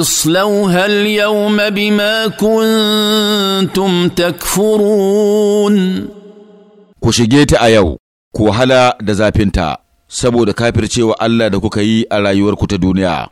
اصلوها اليوم بما كنتم takfurun. ku shige ta a yau ku wahala da zafinta saboda kafircewa Allah da kuka yi a rayuwarku ta duniya